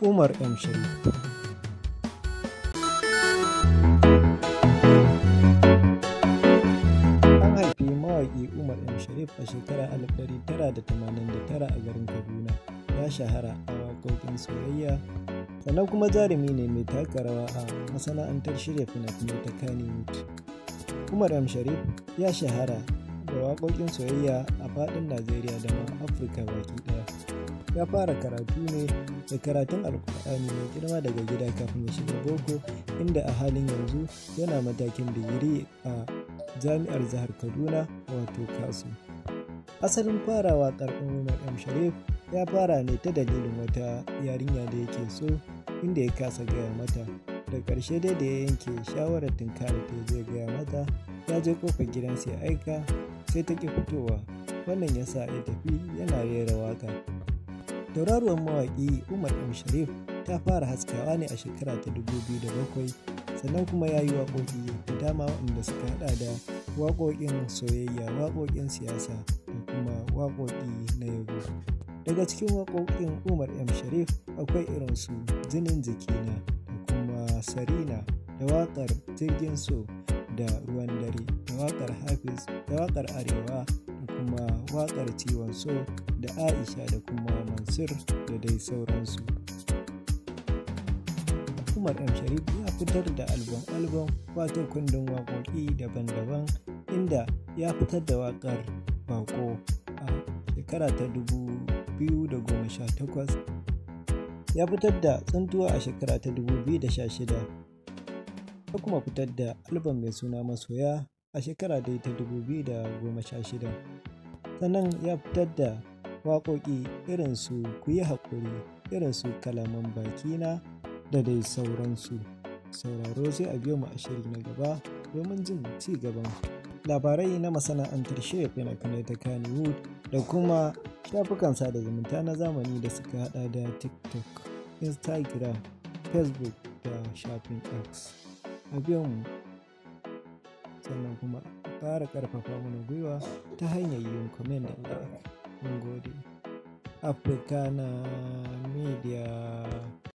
Umar M. Sharif. An haifi mawaƙi Umar M. Sharif a shekarar 1989 a garin Kaduna, ya shahara a waƙoƙin soyayya, sannan kuma jarumi ne mai taka rawa a masana'antar shirya fina-finai ta Umar M. Sharif ya shahara da waƙoƙin soyayya a faɗin Najeriya da ma Afirka baki ɗaya. ya fara karatu ne da karatun alkur'ani mai girma daga gida kafin ya shiga boko inda a halin yanzu yana matakin digiri a jami'ar zahar kaduna wato kasu asalin farawa karɓar umar sharif ya fara ne ta dalilin wata yarinya da yake so inda ya kasa gaya mata da ƙarshe dai da ya yanke shawarar tunkara ta zai gaya mata ya je kofar gidan sai aika sai ta fitowa wannan ya sa ya tafi yana rera waka Tauraruwar mawaƙi Umar M. Sharif ta fara haskawa ne a shekara ta 2007 sannan kuma ya yi waƙoƙi da dama waɗanda suka haɗa da waƙoƙin soyayya, waƙoƙin siyasa da kuma waƙoƙi na yabo. Daga cikin waƙoƙin Umar M. Sharif akwai irin su Jinin Jikina da kuma Sarina da waƙar Jirgin So da Ruwan Dare da waƙar Hafiz da waƙar Arewa kuma waƙar ciwon so da aisha da kuma mansur da dai sauransu Umar M. Sharif ya fitar da album-album wato kundin waƙoƙi daban-daban inda ya fitar da waƙar bako a shekara ta 2018 ya fitar da tsantuwa a shekara ta 2016 ya kuma fitar da album mai suna masoya a shekara dai ta 2016 nan ya fitar da waƙoƙi irin su ku yi haƙuri irin su kalaman bakina da dai sauransu sauraro zai a biyo mu a shiri na gaba domin jin ci gaban labarai na masana'antar shirya fina-finai ta kannywood da kuma shafukan sada zumunta na zamani da suka hada da tiktok instagram facebook da shafin x a biyo sannan kuma ƙara ƙarfafa mana gwiwa ta hanyar yin comment da like mun gode africana media